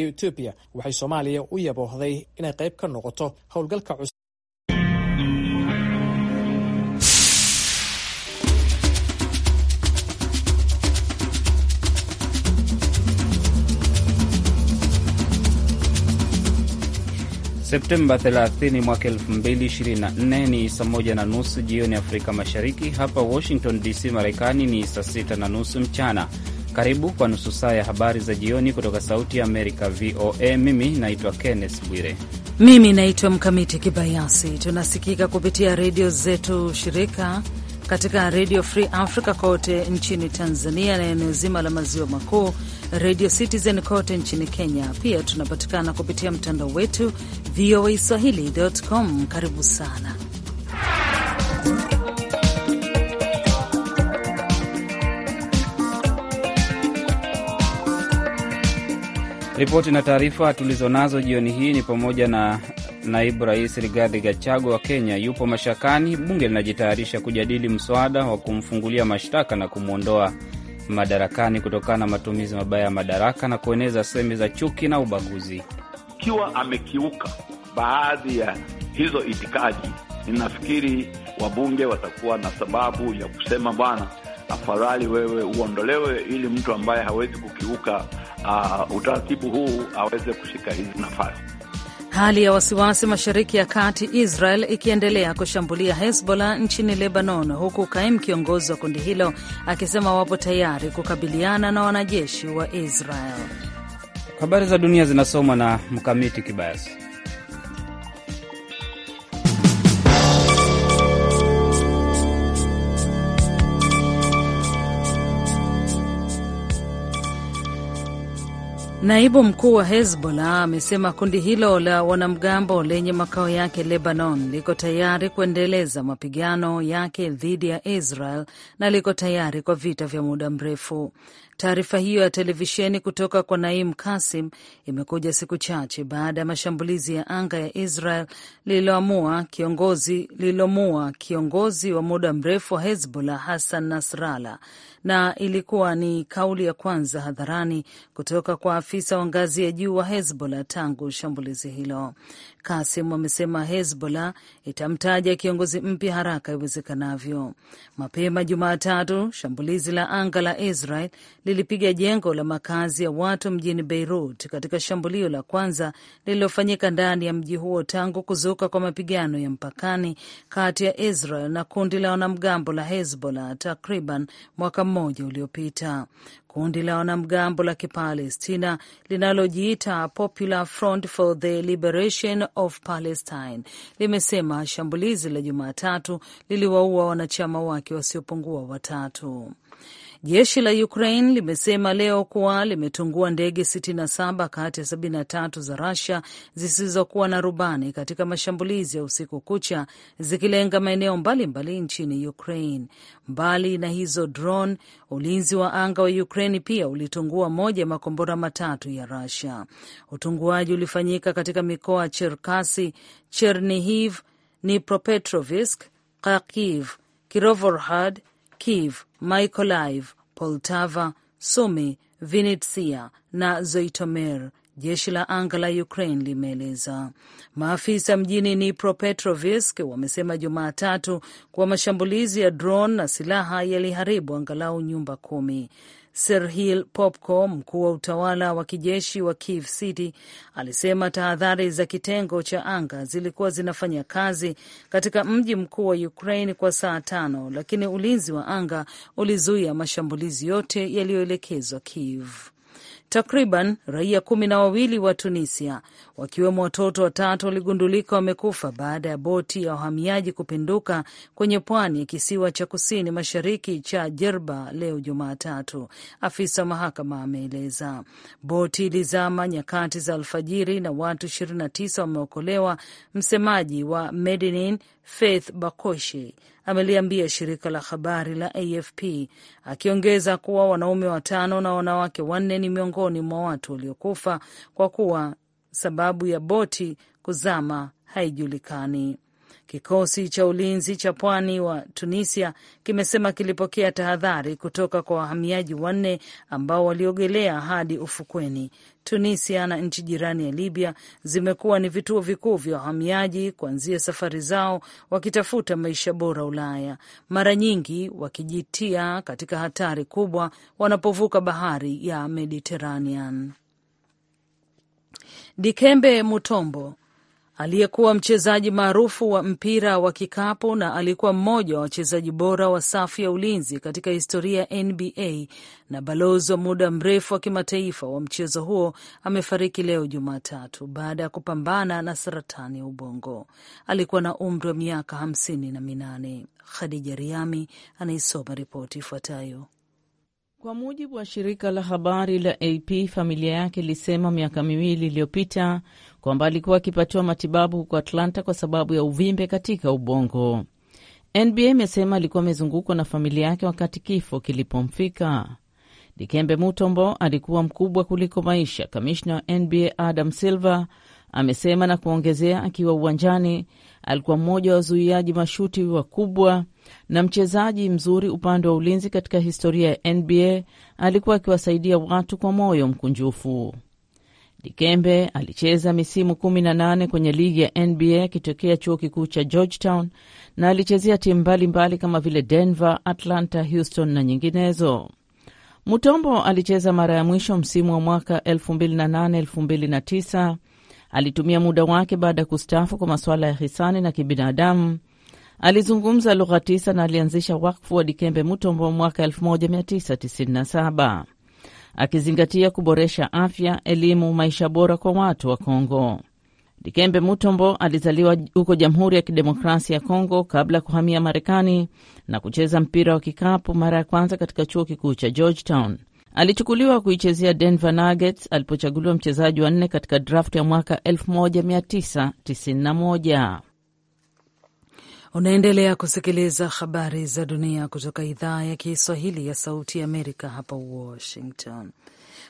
iyo Ethiopia waxay Soomaaliya u yaboohday inay qayb ka noqoto howlgalka cusub. Septemba 30 mwaka 2024 ni saa moja na nusu jioni Afrika Mashariki. Hapa Washington DC, Marekani ni saa sita na nusu mchana. Karibu kwa nusu saa ya habari za jioni kutoka Sauti ya Amerika, VOA. Mimi naitwa Kenneth Bwire. Mimi naitwa Mkamiti Kibayasi. Tunasikika kupitia redio zetu shirika katika Redio Free Africa kote nchini Tanzania na eneo zima la maziwa makuu, Redio Citizen kote nchini Kenya. Pia tunapatikana kupitia mtandao wetu voa swahili.com. Karibu sana Ripoti na taarifa tulizonazo jioni hii ni pamoja na naibu rais Rigathi Gachagua wa Kenya yupo mashakani, bunge linajitayarisha kujadili mswada wa kumfungulia mashtaka na kumwondoa madarakani kutokana na matumizi mabaya ya madaraka na kueneza semi za chuki na ubaguzi. Ikiwa amekiuka baadhi ya hizo itikadi, ninafikiri wabunge watakuwa na sababu ya kusema, bwana, afadhali wewe uondolewe, ili mtu ambaye hawezi kukiuka uh, utaratibu huu aweze kushika hizi nafasi. Hali ya wasiwasi mashariki ya kati, Israel ikiendelea kushambulia Hezbollah nchini Lebanon, huku kaimu kiongozi wa kundi hilo akisema wapo tayari kukabiliana na wanajeshi wa Israel. Habari za dunia zinasomwa na Mkamiti Kibayasi. Naibu mkuu wa Hezbollah amesema kundi hilo la wanamgambo lenye makao yake Lebanon liko tayari kuendeleza mapigano yake dhidi ya Israel na liko tayari kwa vita vya muda mrefu. Taarifa hiyo ya televisheni kutoka kwa Naim Kasim imekuja siku chache baada ya mashambulizi ya anga ya Israel lililoamua kiongozi lililomua kiongozi wa muda mrefu wa Hezbollah Hassan Nasrallah, na ilikuwa ni kauli ya kwanza hadharani kutoka kwa afisa wa ngazi ya juu wa Hezbollah tangu shambulizi hilo. Kasim amesema Hezbollah itamtaja kiongozi mpya haraka iwezekanavyo. Mapema Jumatatu, shambulizi la anga la Israel lilipiga jengo la makazi ya watu mjini Beirut katika shambulio la kwanza lililofanyika ndani ya mji huo tangu kuzuka kwa mapigano ya mpakani kati ya Israel na kundi la wanamgambo la Hezbollah takriban mwaka mmoja uliopita. Kundi la wanamgambo la Kipalestina linalojiita Popular Front for the Liberation of Palestine limesema shambulizi la Jumatatu liliwaua wanachama wake wasiopungua watatu. Jeshi la Ukraine limesema leo kuwa limetungua ndege 67 kati ya 73 za Russia zisizokuwa na rubani katika mashambulizi ya usiku kucha zikilenga maeneo mbalimbali nchini Ukraine. Mbali na hizo drone, ulinzi wa anga wa Ukraine pia ulitungua moja ya makombora matatu ya Russia. Utunguaji ulifanyika katika mikoa Cherkasi, Chernihiv, Dnipropetrovsk, Kharkiv, Kirovohrad, Kiev Mykolaiv, Poltava, Sumi, Vinitsia na Zoitomer. Jeshi la anga la Ukraine limeeleza. Maafisa mjini Dnipropetrovsk wamesema Jumatatu kuwa mashambulizi ya drone na silaha yaliharibu angalau nyumba kumi. Serhil Popko, mkuu wa utawala wa kijeshi wa Kiev City, alisema tahadhari za kitengo cha anga zilikuwa zinafanya kazi katika mji mkuu wa Ukraine kwa saa tano, lakini ulinzi wa anga ulizuia mashambulizi yote yaliyoelekezwa Kiev. Takriban raia kumi na wawili wa Tunisia, wakiwemo watoto watatu, waligundulika wamekufa baada ya boti ya wahamiaji kupinduka kwenye pwani ya kisiwa cha kusini mashariki cha Jerba leo Jumatatu, afisa mahakama ameeleza. Boti ilizama nyakati za alfajiri na watu 29 wameokolewa. Msemaji wa Medinin Faith Bakoshi ameliambia shirika la habari la AFP, akiongeza kuwa wanaume watano na wanawake wanne ni miongoni mwa watu waliokufa kwa kuwa sababu ya boti kuzama haijulikani. Kikosi cha ulinzi cha pwani wa Tunisia kimesema kilipokea tahadhari kutoka kwa wahamiaji wanne ambao waliogelea hadi ufukweni. Tunisia na nchi jirani ya Libya zimekuwa ni vituo vikuu vya wahamiaji kuanzia safari zao wakitafuta maisha bora Ulaya, mara nyingi wakijitia katika hatari kubwa wanapovuka bahari ya Mediterranean. Dikembe Mutombo aliyekuwa mchezaji maarufu wa mpira wa kikapu na alikuwa mmoja wa wachezaji bora wa safu ya ulinzi katika historia ya NBA na balozi wa muda mrefu wa kimataifa wa mchezo huo amefariki leo Jumatatu baada ya kupambana na saratani ya ubongo. Alikuwa na umri wa miaka hamsini na minane. Khadija Riami anaisoma ripoti ifuatayo. Kwa mujibu wa shirika la habari la AP, familia yake ilisema miaka miwili iliyopita kwamba alikuwa akipatiwa matibabu huko Atlanta kwa sababu ya uvimbe katika ubongo. NBA imesema alikuwa amezungukwa na familia yake wakati kifo kilipomfika. Dikembe Mutombo alikuwa mkubwa kuliko maisha, kamishna wa NBA Adam Silver amesema na kuongezea, akiwa uwanjani alikuwa mmoja wa wazuiaji mashuti wakubwa na mchezaji mzuri upande wa ulinzi katika historia ya NBA, alikuwa akiwasaidia watu kwa moyo mkunjufu. Dikembe alicheza misimu 18 kwenye ligi ya NBA akitokea chuo kikuu cha Georgetown na alichezea timu mbalimbali kama vile Denver, Atlanta, Houston na nyinginezo. Mutombo alicheza mara ya mwisho msimu wa mwaka 2008-2009. Alitumia muda wake baada ya kustaafu kwa masuala ya hisani na kibinadamu Alizungumza lugha tisa na alianzisha wakfu wa Dikembe Mutombo mwaka 1997 akizingatia kuboresha afya, elimu, maisha bora kwa watu wa Kongo. Dikembe Mutombo alizaliwa huko Jamhuri ya Kidemokrasia ya Kongo kabla ya kuhamia Marekani na kucheza mpira wa kikapu mara ya kwanza katika chuo kikuu cha Georgetown. Alichukuliwa kuichezea Denver Nuggets alipochaguliwa mchezaji wa nne katika draft ya mwaka 1991. Unaendelea kusikiliza habari za dunia kutoka idhaa ya Kiswahili ya Sauti ya Amerika, hapa Washington.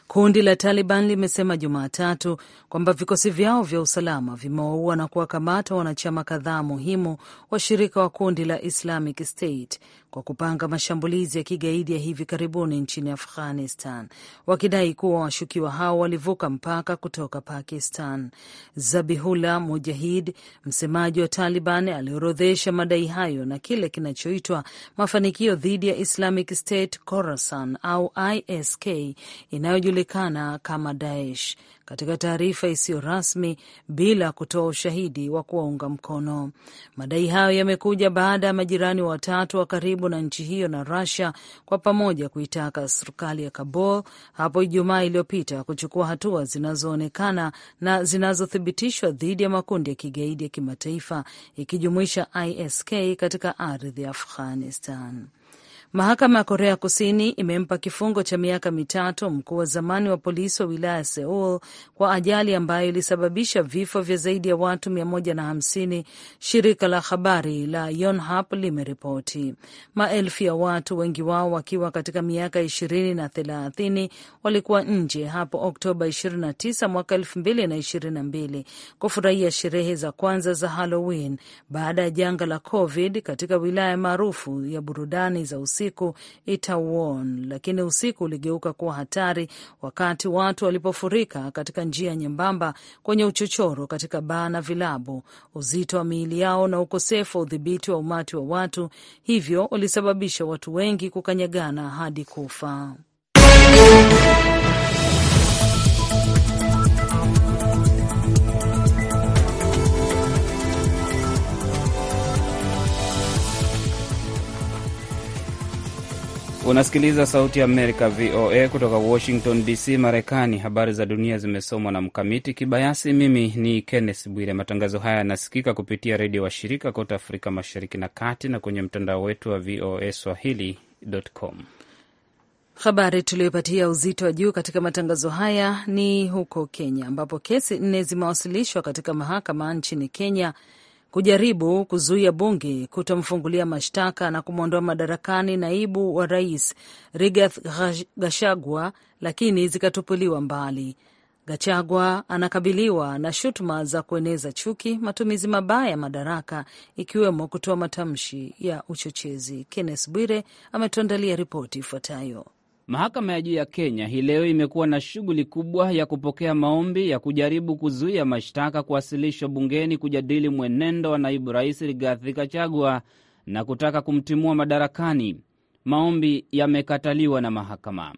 Kundi la Taliban limesema Jumatatu kwamba vikosi vyao vya usalama vimewaua na kuwakamata wanachama kadhaa muhimu wa shirika wa kundi la Islamic State kwa kupanga mashambulizi ya kigaidi ya hivi karibuni nchini Afghanistan, wakidai kuwa washukiwa hao walivuka mpaka kutoka Pakistan. Zabihullah Mujahid, msemaji wa Taliban, aliorodhesha madai hayo na kile kinachoitwa mafanikio dhidi ya Islamic State Khorasan au ISK inayojulikana kama Daesh katika taarifa isiyo rasmi bila kutoa ushahidi wa kuwaunga mkono. Madai hayo yamekuja baada ya majirani watatu wa karibu na nchi hiyo na Russia kwa pamoja kuitaka serikali ya Kabul hapo Ijumaa iliyopita kuchukua hatua zinazoonekana na zinazothibitishwa dhidi ya makundi ya kigaidi ya kimataifa ikijumuisha ISK katika ardhi ya Afghanistan. Mahakama ya Korea Kusini imempa kifungo cha miaka mitatu mkuu wa zamani wa polisi wa wilaya ya Seul kwa ajali ambayo ilisababisha vifo vya zaidi ya watu 150, shirika la habari la Yonhap limeripoti. Maelfu ya watu, wengi wao wakiwa katika miaka 20 na 30, walikuwa nje hapo Oktoba 29 mwaka 2022 kufurahia sherehe za kwanza za Halloween baada ya janga la COVID katika wilaya maarufu ya burudani za usiku usiku Itaewon, lakini usiku uligeuka kuwa hatari wakati watu walipofurika katika njia nyembamba kwenye uchochoro katika baa na vilabu. Uzito wa miili yao na ukosefu wa udhibiti wa umati wa watu hivyo ulisababisha watu wengi kukanyagana hadi kufa. Unasikiliza Sauti ya Amerika, VOA, kutoka Washington DC, Marekani. Habari za dunia zimesomwa na Mkamiti Kibayasi. Mimi ni Kenneth Bwire. Matangazo haya yanasikika kupitia redio washirika kote Afrika Mashariki na Kati na kwenye mtandao wetu wa VOA Swahili.com. Habari tuliyopatia uzito wa juu katika matangazo haya ni huko Kenya, ambapo kesi nne zimewasilishwa katika mahakama nchini Kenya kujaribu kuzuia bunge kutomfungulia mashtaka na kumwondoa madarakani naibu wa rais rigath gashagwa lakini zikatupuliwa mbali. gachagwa anakabiliwa na shutuma za kueneza chuki, matumizi mabaya ya madaraka, ikiwemo kutoa matamshi ya uchochezi. kennes Bwire ametuandalia ripoti ifuatayo. Mahakama ya juu ya Kenya hii leo imekuwa na shughuli kubwa ya kupokea maombi ya kujaribu kuzuia mashtaka kuwasilishwa bungeni kujadili mwenendo wa naibu rais Rigathi Gachagua na kutaka kumtimua madarakani. Maombi yamekataliwa na mahakama.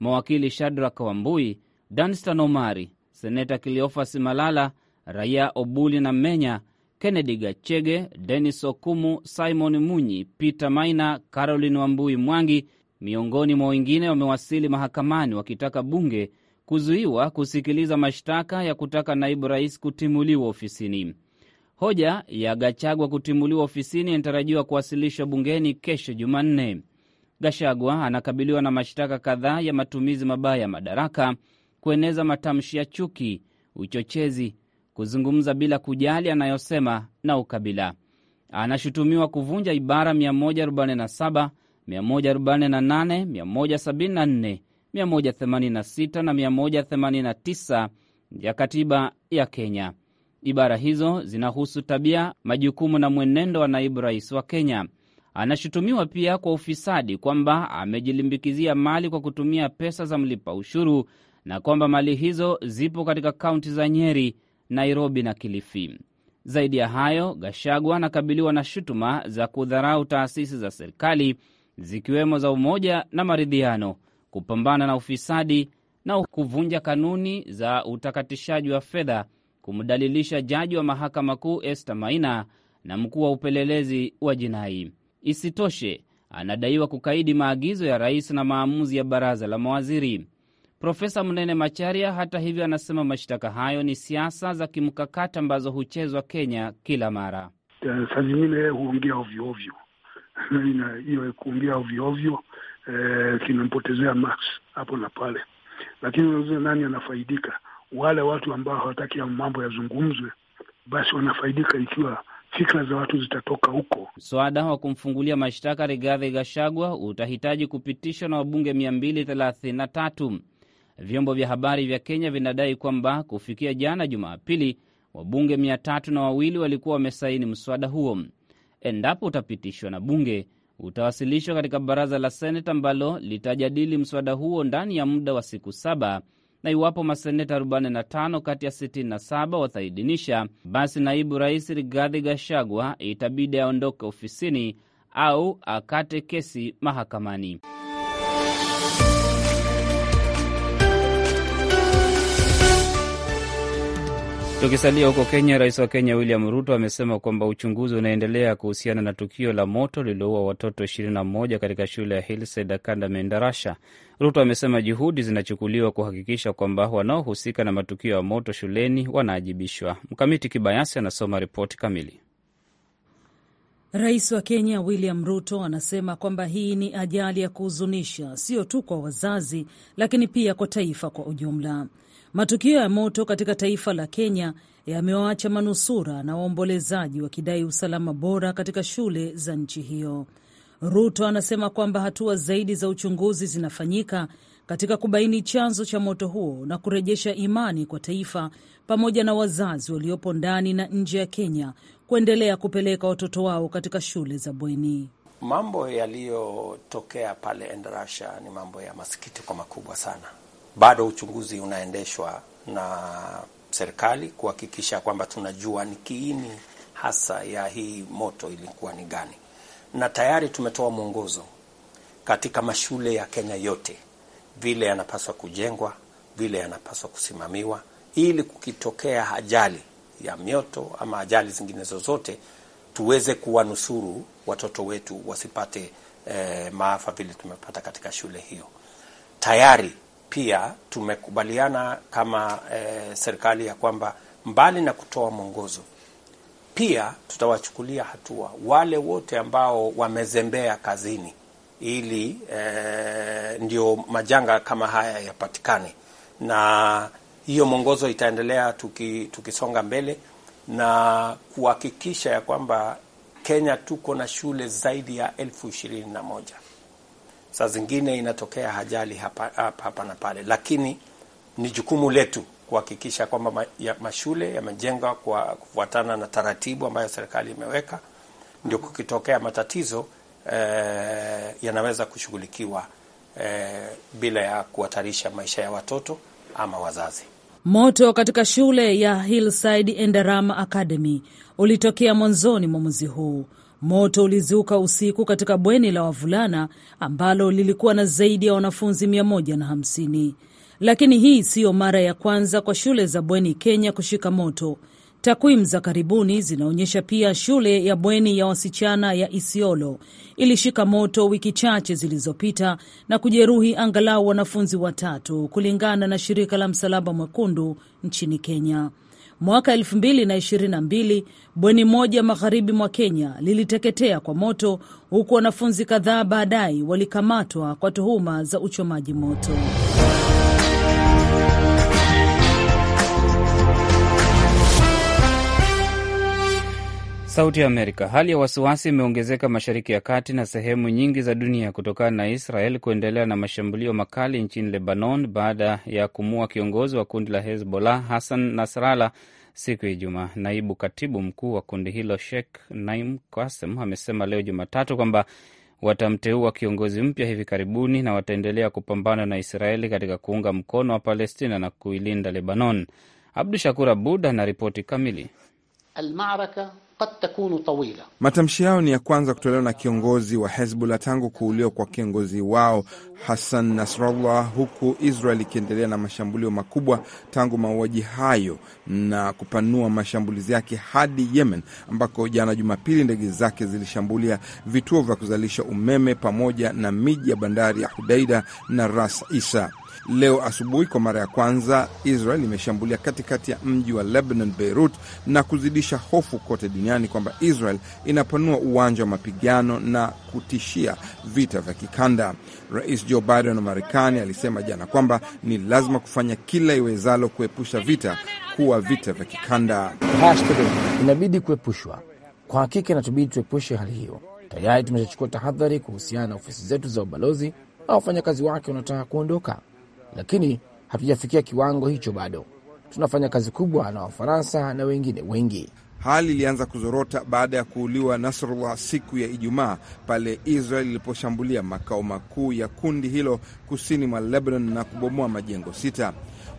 Mawakili Shadrack Wambui, Danstan Omari, seneta Kiliofas Malala, Raia Obuli na Menya, Kennedy Gachege, Denis Okumu, Simon Munyi, Peter Maina, Caroline Wambui Mwangi miongoni mwa wengine wamewasili mahakamani wakitaka bunge kuzuiwa kusikiliza mashtaka ya kutaka naibu rais kutimuliwa ofisini. Hoja ya Gachagwa kutimuliwa ofisini inatarajiwa kuwasilishwa bungeni kesho Jumanne. Gachagwa anakabiliwa na mashtaka kadhaa ya matumizi mabaya ya madaraka, kueneza matamshi ya chuki, uchochezi, kuzungumza bila kujali anayosema na ukabila. Anashutumiwa kuvunja ibara 147 148, na ya katiba ya Kenya. Ibara hizo zinahusu tabia, majukumu na mwenendo wa naibu rais wa Kenya. Anashutumiwa pia kwa ufisadi, kwamba amejilimbikizia mali kwa kutumia pesa za mlipa ushuru na kwamba mali hizo zipo katika kaunti za Nyeri, Nairobi na Kilifi. Zaidi ya hayo, Gashagwa anakabiliwa na shutuma za kudharau taasisi za serikali zikiwemo za umoja na maridhiano, kupambana na ufisadi na kuvunja kanuni za utakatishaji wa fedha, kumdalilisha jaji wa mahakama kuu Esther Maina na mkuu wa upelelezi wa jinai. Isitoshe, anadaiwa kukaidi maagizo ya rais na maamuzi ya baraza la mawaziri. Profesa mnene Macharia, hata hivyo, anasema mashtaka hayo ni siasa za kimkakati ambazo huchezwa Kenya kila mara. Eh, saa nyingine huongea ovyoovyo, hiyo kuongea ovyoovyo eh, kinampotezea hapo na pale, lakini unauza nani anafaidika? Wale watu ambao hawataki ya mambo yazungumzwe, basi wanafaidika ikiwa fikra za watu zitatoka huko. Mswada wa kumfungulia mashtaka Rigathi Gashagwa utahitaji kupitishwa na wabunge mia mbili thelathini na tatu. Vyombo vya habari vya Kenya vinadai kwamba kufikia jana Jumapili, wabunge mia tatu na wawili walikuwa wamesaini mswada huo endapo utapitishwa na bunge utawasilishwa katika baraza la seneti ambalo litajadili mswada huo ndani ya muda wa siku saba, na iwapo maseneta 45 kati ya 67 wataidhinisha, basi naibu rais Rigathi Gachagua itabidi aondoke ofisini au akate kesi mahakamani. Tukisalia huko Kenya, rais wa Kenya William Ruto amesema kwamba uchunguzi unaendelea kuhusiana na tukio la moto lililoua watoto 21 katika shule ya Hillside kanda Mendarasha. Ruto amesema juhudi zinachukuliwa kuhakikisha kwamba wanaohusika na matukio ya moto shuleni wanaajibishwa. Mkamiti Kibayasi anasoma ripoti kamili. Rais wa Kenya William Ruto anasema kwamba hii ni ajali ya kuhuzunisha, sio tu kwa wazazi, lakini pia kwa taifa kwa ujumla. Matukio ya moto katika taifa la Kenya yamewaacha manusura na waombolezaji wakidai usalama bora katika shule za nchi hiyo. Ruto anasema kwamba hatua zaidi za uchunguzi zinafanyika katika kubaini chanzo cha moto huo na kurejesha imani kwa taifa pamoja na wazazi waliopo ndani na nje ya Kenya kuendelea kupeleka watoto wao katika shule za bweni. Mambo yaliyotokea pale Endarasha ni mambo ya masikitiko makubwa sana bado uchunguzi unaendeshwa na serikali kuhakikisha kwamba tunajua ni kiini hasa ya hii moto ilikuwa ni gani, na tayari tumetoa mwongozo katika mashule ya Kenya yote, vile yanapaswa kujengwa, vile yanapaswa kusimamiwa, ili kukitokea ajali ya mioto ama ajali zingine zozote tuweze kuwanusuru watoto wetu wasipate eh, maafa vile tumepata katika shule hiyo tayari pia tumekubaliana kama e, serikali ya kwamba mbali na kutoa mwongozo, pia tutawachukulia hatua wale wote ambao wamezembea kazini ili e, ndio majanga kama haya yapatikane. Na hiyo mwongozo itaendelea tuki, tukisonga mbele na kuhakikisha ya kwamba Kenya tuko na shule zaidi ya elfu ishirini na moja. Saa zingine inatokea ajali hapa, hapa na pale, lakini ni jukumu letu kuhakikisha kwamba ma, ya, mashule yamejengwa kwa kufuatana na taratibu ambayo serikali imeweka, ndio kukitokea matatizo eh, yanaweza kushughulikiwa eh, bila ya kuhatarisha maisha ya watoto ama wazazi. Moto katika shule ya Hillside Endarama Academy ulitokea mwanzoni mwa mwezi huu. Moto ulizuka usiku katika bweni la wavulana ambalo lilikuwa na zaidi ya wanafunzi 150. Lakini hii siyo mara ya kwanza kwa shule za bweni Kenya kushika moto. Takwimu za karibuni zinaonyesha pia shule ya bweni ya wasichana ya Isiolo ilishika moto wiki chache zilizopita na kujeruhi angalau wanafunzi watatu, kulingana na shirika la Msalaba Mwekundu nchini Kenya. Mwaka 2022 bweni moja magharibi mwa Kenya liliteketea kwa moto, huku wanafunzi kadhaa baadaye walikamatwa kwa tuhuma za uchomaji moto. Sauti ya Amerika. Hali ya wasiwasi imeongezeka Mashariki ya Kati na sehemu nyingi za dunia kutokana na Israel kuendelea na mashambulio makali nchini Lebanon baada ya kumua kiongozi wa kundi la Hezbollah Hassan Nasrallah siku ya Ijumaa. Naibu katibu mkuu wa kundi hilo Sheikh Naim Qassem amesema leo Jumatatu kwamba watamteua kiongozi mpya hivi karibuni na wataendelea kupambana na Israeli katika kuunga mkono wa Palestina na kuilinda Lebanon. Abdu Shakur Abud anaripoti kamili takunu tawila. Matamshi yao ni ya kwanza kutolewa na kiongozi wa Hezbollah tangu kuuliwa kwa kiongozi wao Hassan Nasrallah, huku Israel ikiendelea na mashambulio makubwa tangu mauaji hayo na kupanua mashambulizi yake hadi Yemen, ambako jana Jumapili ndege zake zilishambulia vituo vya kuzalisha umeme pamoja na miji ya bandari ya Hudaida na Ras Isa. Leo asubuhi kwa mara ya kwanza Israel imeshambulia katikati ya mji wa Lebanon, Beirut, na kuzidisha hofu kote duniani kwamba Israel inapanua uwanja wa mapigano na kutishia vita vya kikanda. Rais Joe Biden wa Marekani alisema jana kwamba ni lazima kufanya kila iwezalo kuepusha vita kuwa vita vya kikanda. Inabidi kuepushwa, kwa hakika inatubidi tuepushe hali hiyo. Tayari tumeshachukua tahadhari kuhusiana na ofisi zetu za ubalozi na wafanyakazi wake wanaotaka kuondoka lakini hatujafikia kiwango hicho bado. Tunafanya kazi kubwa na Wafaransa na wengine wengi. Hali ilianza kuzorota baada ya kuuliwa Nasrullah siku ya Ijumaa pale Israel iliposhambulia makao makuu ya kundi hilo kusini mwa Lebanon na kubomoa majengo sita.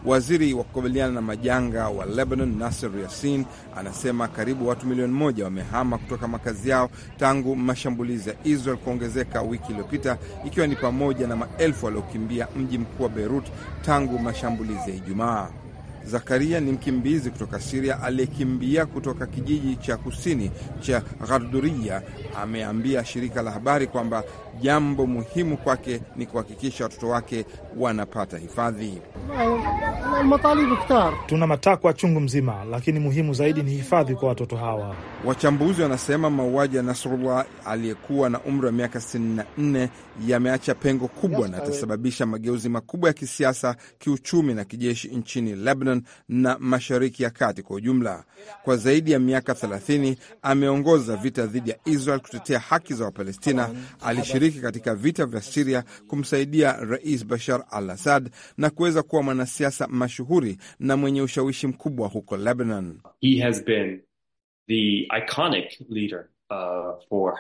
Waziri wa kukabiliana na majanga wa Lebanon, Nasser Yassin, anasema karibu watu milioni moja wamehama kutoka makazi yao tangu mashambulizi ya Israel kuongezeka wiki iliyopita, ikiwa ni pamoja na maelfu waliokimbia mji mkuu wa Beirut tangu mashambulizi ya Ijumaa. Zakaria ni mkimbizi kutoka Siria aliyekimbia kutoka kijiji cha kusini cha Gharduria. Ameambia shirika la habari kwamba jambo muhimu kwake ni kuhakikisha watoto wake wanapata hifadhi. Tuna matakwa chungu mzima, lakini muhimu zaidi ni hifadhi kwa watoto hawa. Wachambuzi wanasema mauaji ya Nasrullah aliyekuwa na umri wa miaka 64 yameacha pengo kubwa na yatasababisha mageuzi makubwa ya kisiasa, kiuchumi na kijeshi nchini Lebanon Lebanon na Mashariki ya Kati kwa ujumla. Kwa zaidi ya miaka 30 ameongoza vita dhidi ya Israel kutetea haki za Wapalestina. Alishiriki katika vita vya Siria kumsaidia Rais Bashar al Assad na kuweza kuwa mwanasiasa mashuhuri na mwenye ushawishi mkubwa huko Lebanon. He has been the iconic leader Uh,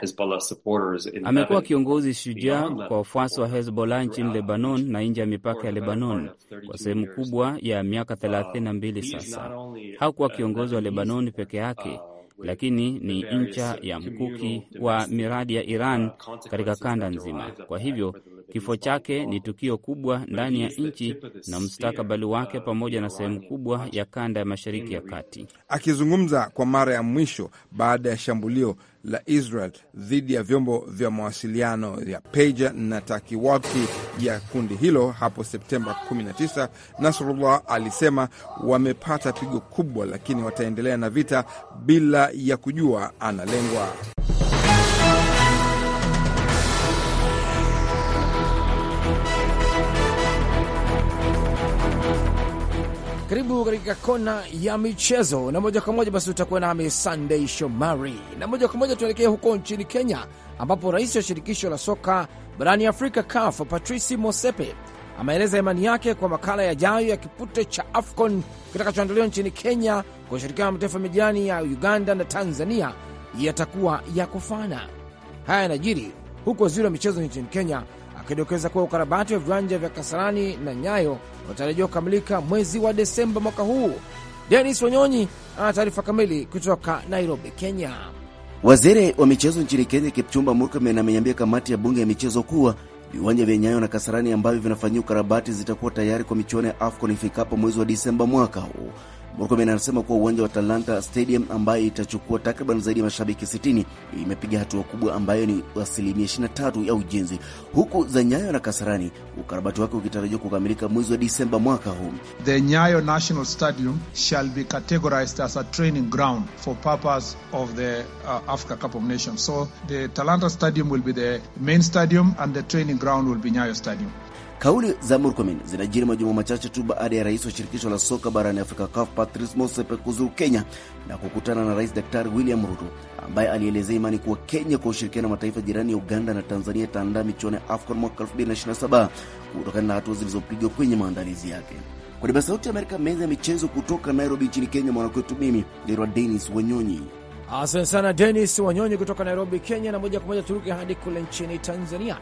amekuwa kiongozi shujaa kwa wafuasi wa Hezbollah nchini Lebanon na nje ya mipaka ya Lebanon kwa sehemu kubwa ya miaka 32 uh, sasa. Hakuwa kiongozi wa Lebanon peke yake, uh, lakini ni ncha ya mkuki wa miradi ya uh, Iran katika kanda nzima. Kwa hivyo kifo chake ni tukio kubwa ndani ya nchi na mustakabali wake pamoja na sehemu kubwa ya kanda ya Mashariki ya Kati. Akizungumza kwa mara ya mwisho baada ya shambulio la Israel dhidi ya vyombo vya mawasiliano ya peja na takiwaki ya kundi hilo hapo Septemba 19, Nasrullah alisema wamepata pigo kubwa, lakini wataendelea na vita bila ya kujua analengwa. Karibu katika kona ya michezo, na moja kwa moja basi utakuwa nami Sunday Shomari, na moja kwa moja tuelekee huko nchini Kenya, ambapo rais wa shirikisho la soka barani Afrika CAF Patrice Mosepe ameeleza imani yake kwa makala yajayo ya kipute cha AFCON kitakachoandaliwa nchini Kenya kwa ushirikiano na mataifa majirani ya Uganda na Tanzania yatakuwa ya kufana. Haya yanajiri huku waziri wa michezo nchini Kenya akidokeza kuwa ukarabati wa viwanja vya Kasarani na Nyayo unatarajiwa kukamilika mwezi wa Desemba mwaka huu. Denis Wanyonyi ana taarifa kamili kutoka Nairobi, Kenya. Waziri wa michezo nchini Kenya Kipchumba Murkomen ameiambia kamati ya bunge ya michezo kuwa viwanja vya Nyayo na Kasarani ambavyo vinafanyia ukarabati zitakuwa tayari kwa michuano ya AFCON ifikapo mwezi wa Disemba mwaka huu. Murkomen anasema kuwa uwanja wa Talanta Stadium ambayo itachukua takriban zaidi ya mashabiki 60 imepiga hatua kubwa ambayo ni asilimia 23 ya ujenzi, huku za Nyayo na Kasarani ukarabati wake ukitarajiwa kukamilika mwezi wa Disemba mwaka huu. The Nyayo National Stadium shall be categorized as a training ground for purpose of the uh, Africa Cup of Nations. So the Talanta Stadium will be the main stadium and the training ground will be Nyayo Stadium. Kauli za Murkomen zinajiri majuma machache tu baada ya rais wa shirikisho la soka barani Afrika CAF Patrice Motsepe kuzuru Kenya na kukutana na Rais Daktari William Ruto ambaye alielezea imani kuwa Kenya kwa ushirikiano na mataifa jirani ya Uganda na Tanzania itaandaa michuano ya AFCON mwaka 2027 kutokana na hatua zilizopigwa kwenye maandalizi yake. Kwa niaba ya Sauti ya Amerika, meza ya michezo kutoka Nairobi nchini Kenya, mwanakwetu mimi Derwa Denis Wanyonyi. Asante sana Denis Wanyonyi kutoka Nairobi, Kenya. Na moja kwa moja turuke hadi kule nchini Tanzania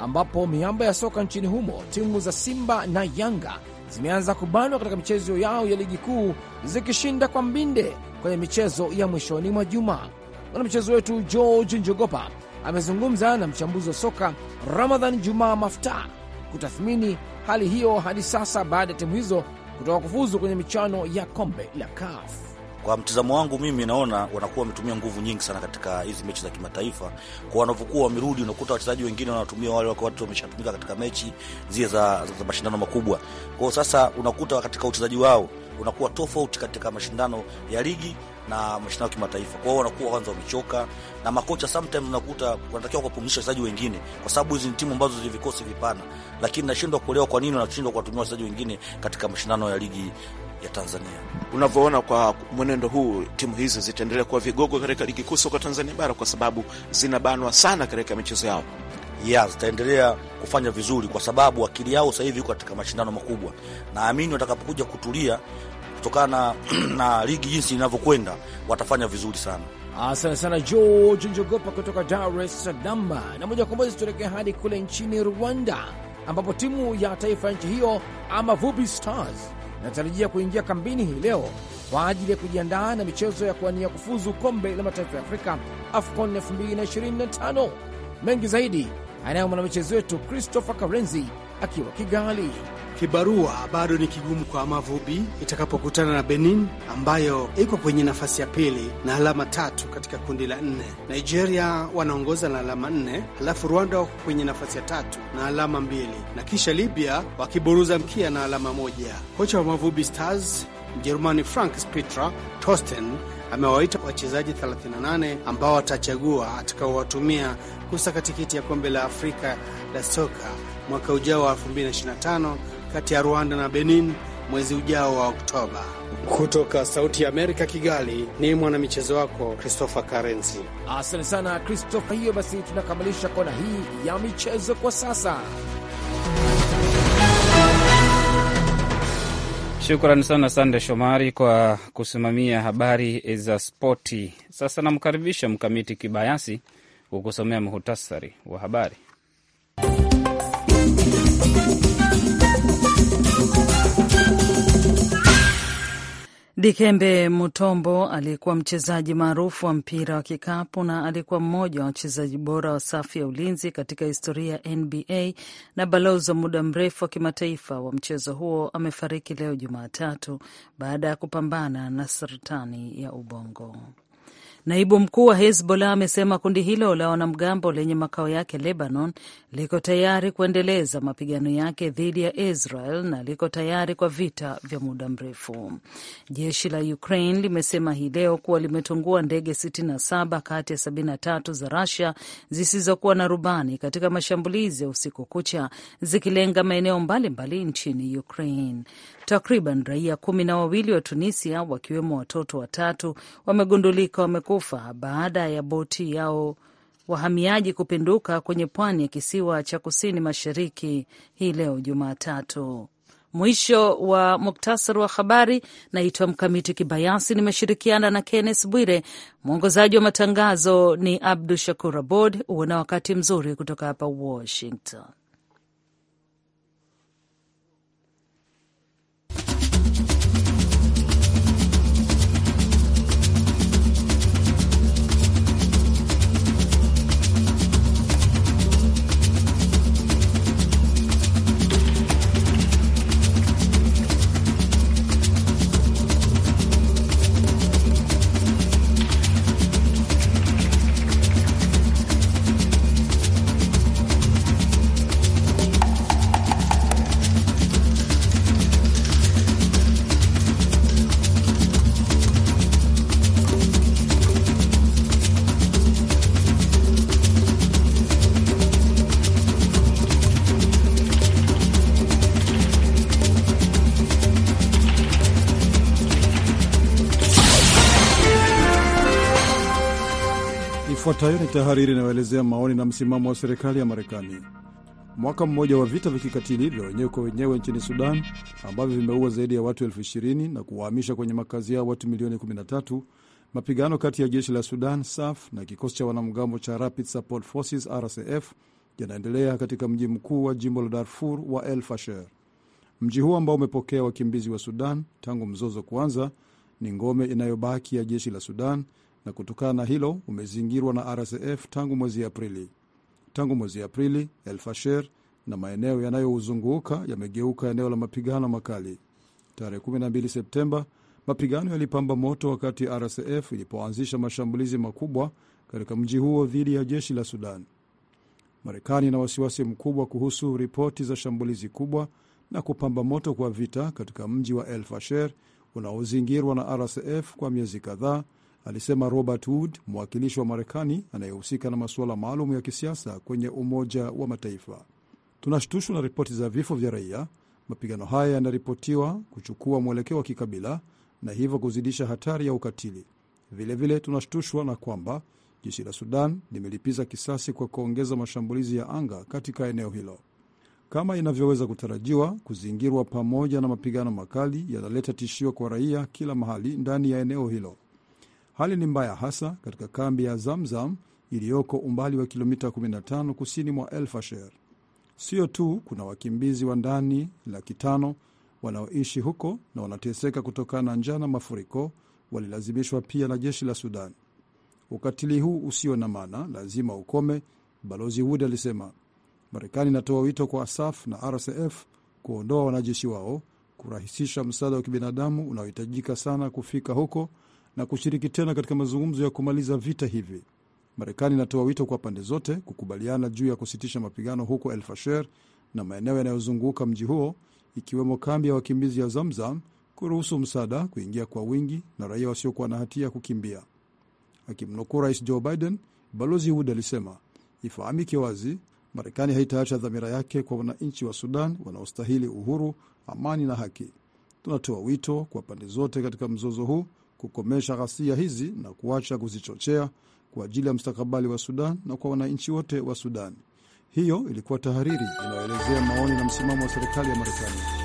ambapo miamba ya soka nchini humo timu za Simba na Yanga zimeanza kubanwa katika michezo yao ya ligi kuu zikishinda kwa mbinde kwenye michezo ya mwishoni mwa juma. Mwanamchezo wetu George Njogopa amezungumza na mchambuzi wa soka Ramadhan Jumaa Mafta kutathmini hali hiyo hadi sasa baada ya timu hizo kutoka kufuzu kwenye michuano ya kombe la CAF. Kwa mtizamo wangu mimi naona wanakuwa wametumia nguvu nyingi sana katika hizi mechi za kimataifa. Kwa wanavyokuwa wamerudi, unakuta wachezaji wengine wanatumia wale wako watu wameshatumika katika mechi zile za, za za mashindano makubwa. Kwao sasa unakuta katika uchezaji wao unakuwa tofauti katika mashindano ya ligi na mashindano ya kimataifa. Kwa hiyo wanakuwa kwanza wamechoka, na makocha sometimes unakuta wanatakiwa kuwapumzisha wachezaji wengine, kwa sababu hizi ni timu ambazo zina vikosi vipana, lakini nashindwa kuelewa kwa nini wanashindwa kuwatumia wachezaji wengine katika mashindano ya ligi ya Tanzania. Unavyoona kwa mwenendo huu, timu hizi zitaendelea kuwa vigogo katika ligi kuu soka Tanzania bara kwa sababu zinabanwa sana katika michezo yao ya zitaendelea kufanya vizuri kwa sababu akili yao sasa hivi iko katika mashindano makubwa. Naamini watakapokuja kutulia kutokana na ligi jinsi inavyokwenda watafanya vizuri sana. Asante sana George Njogopa kutoka Dar es Salaam. Na moja kwa moja tuelekea hadi kule nchini Rwanda ambapo timu ya taifa ya nchi hiyo ama Vubi Stars inatarajia kuingia kambini hii leo kwa ajili ya kujiandaa na michezo ya kuwania kufuzu kombe la mataifa ya Afrika AFCON 2025. Mengi zaidi anayo mwanamichezo wetu Christopher Karenzi akiwa Kigali kibarua bado ni kigumu kwa mavubi itakapokutana na Benin ambayo iko kwenye nafasi ya pili na alama tatu katika kundi la nne. Nigeria wanaongoza na alama nne, halafu Rwanda wako kwenye nafasi ya tatu na alama mbili, na kisha Libya wakiburuza mkia na alama moja. Kocha wa mavubi Stars Mjerumani Frank Spitra Tosten amewaita wachezaji 38 ambao watachagua atakaowatumia kusaka tikiti ya kombe la Afrika la soka mwaka ujao wa 2025 kati ya Rwanda na Benin mwezi ujao wa Oktoba. Kutoka Sauti ya Amerika, Kigali, ni mwanamichezo wako Christopher Karenzi. Asante sana Christopher. Hiyo basi, tunakamilisha kona hii ya michezo kwa sasa. Shukrani sana Sande Shomari kwa kusimamia habari za spoti. Sasa namkaribisha Mkamiti Kibayasi kukusomea muhtasari wa habari. Dikembe Mutombo aliyekuwa mchezaji maarufu wa mpira wa kikapu na alikuwa mmoja wa wachezaji bora wa safu ya ulinzi katika historia ya NBA na balozi wa muda mrefu wa kimataifa wa mchezo huo amefariki leo Jumatatu baada ya kupambana na saratani ya ubongo. Naibu mkuu wa Hezbollah amesema kundi hilo la wanamgambo lenye makao yake Lebanon liko tayari kuendeleza mapigano yake dhidi ya Israel na liko tayari kwa vita vya muda mrefu. Jeshi la Ukraine limesema hii leo kuwa limetungua ndege 67 kati ya 73 za rasia zisizokuwa na rubani katika mashambulizi ya usiku kucha zikilenga maeneo mbalimbali nchini Ukraine. Takriban raia kumi na wawili wa Tunisia wakiwemo watoto watatu wamegundulika wamekuwa kufa baada ya boti yao wahamiaji kupinduka kwenye pwani ya kisiwa cha kusini mashariki hii leo Jumatatu. Mwisho wa muktasari wa habari. Naitwa Mkamiti Kibayasi, nimeshirikiana na Kennes Bwire. Mwongozaji wa matangazo ni Abdu Shakur Abod. Uwe na wakati mzuri kutoka hapa Washington. Ifuatayo ni tahariri inayoelezea maoni na msimamo wa serikali ya Marekani. Mwaka mmoja wa vita vya kikatili vya wenyewe kwa wenyewe nchini Sudan ambavyo vimeua zaidi ya watu elfu ishirini na kuwahamisha kwenye makazi yao watu milioni 13. Mapigano kati ya jeshi la Sudan SAF na kikosi cha wanamgambo cha Rapid Support Forces RSF yanaendelea katika mji mkuu wa jimbo la Darfur wa El Fasher. Mji huo ambao umepokea wakimbizi wa Sudan tangu mzozo kuanza ni ngome inayobaki ya jeshi la Sudan na kutokana na hilo umezingirwa na RSF tangu mwezi Aprili. Tangu mwezi Aprili, El Fasher na maeneo yanayouzunguka yamegeuka eneo la mapigano makali. Tarehe 12 Septemba, mapigano yalipamba moto wakati RSF ilipoanzisha mashambulizi makubwa katika mji huo dhidi ya jeshi la Sudan. Marekani ina wasiwasi mkubwa kuhusu ripoti za shambulizi kubwa na kupamba moto kwa vita katika mji wa El Fasher unaozingirwa na RSF kwa miezi kadhaa alisema Robert Wood, mwakilishi wa Marekani anayehusika na masuala maalum ya kisiasa kwenye Umoja wa Mataifa. Tunashtushwa na ripoti za vifo vya raia. Mapigano haya yanaripotiwa kuchukua mwelekeo wa kikabila na hivyo kuzidisha hatari ya ukatili. Vilevile tunashtushwa na kwamba jeshi la Sudan limelipiza kisasi kwa kuongeza mashambulizi ya anga katika eneo hilo. Kama inavyoweza kutarajiwa, kuzingirwa pamoja na mapigano makali yanaleta tishio kwa raia kila mahali ndani ya eneo hilo. Hali ni mbaya hasa katika kambi ya Zamzam iliyoko umbali wa kilomita 15 kusini mwa El Fasher. Sio tu kuna wakimbizi wa ndani laki tano wanaoishi huko na wanateseka kutokana na njaa na mafuriko, walilazimishwa pia na jeshi la Sudan. Ukatili huu usio na maana lazima ukome, Balozi Wood alisema. Marekani inatoa wito kwa ASAF na RSF kuondoa wanajeshi wao, kurahisisha msaada wa kibinadamu unaohitajika sana kufika huko na kushiriki tena katika mazungumzo ya kumaliza vita hivi. Marekani inatoa wito kwa pande zote kukubaliana juu ya kusitisha mapigano huko El Fasher na maeneo yanayozunguka mji huo, ikiwemo kambi ya wakimbizi ya Zamzam, kuruhusu msaada kuingia kwa wingi na raia wasiokuwa na hatia kukimbia. Akimnukuu Rais Joe Biden, Balozi Wood alisema, ifahamike wazi, Marekani haitaacha dhamira yake kwa wananchi wa Sudan wanaostahili uhuru, amani na haki. Tunatoa wito kwa pande zote katika mzozo huu kukomesha ghasia hizi na kuacha kuzichochea kwa ajili ya mstakabali wa Sudan na kwa wananchi wote wa Sudan. Hiyo ilikuwa tahariri inayoelezea maoni na msimamo wa serikali ya Marekani.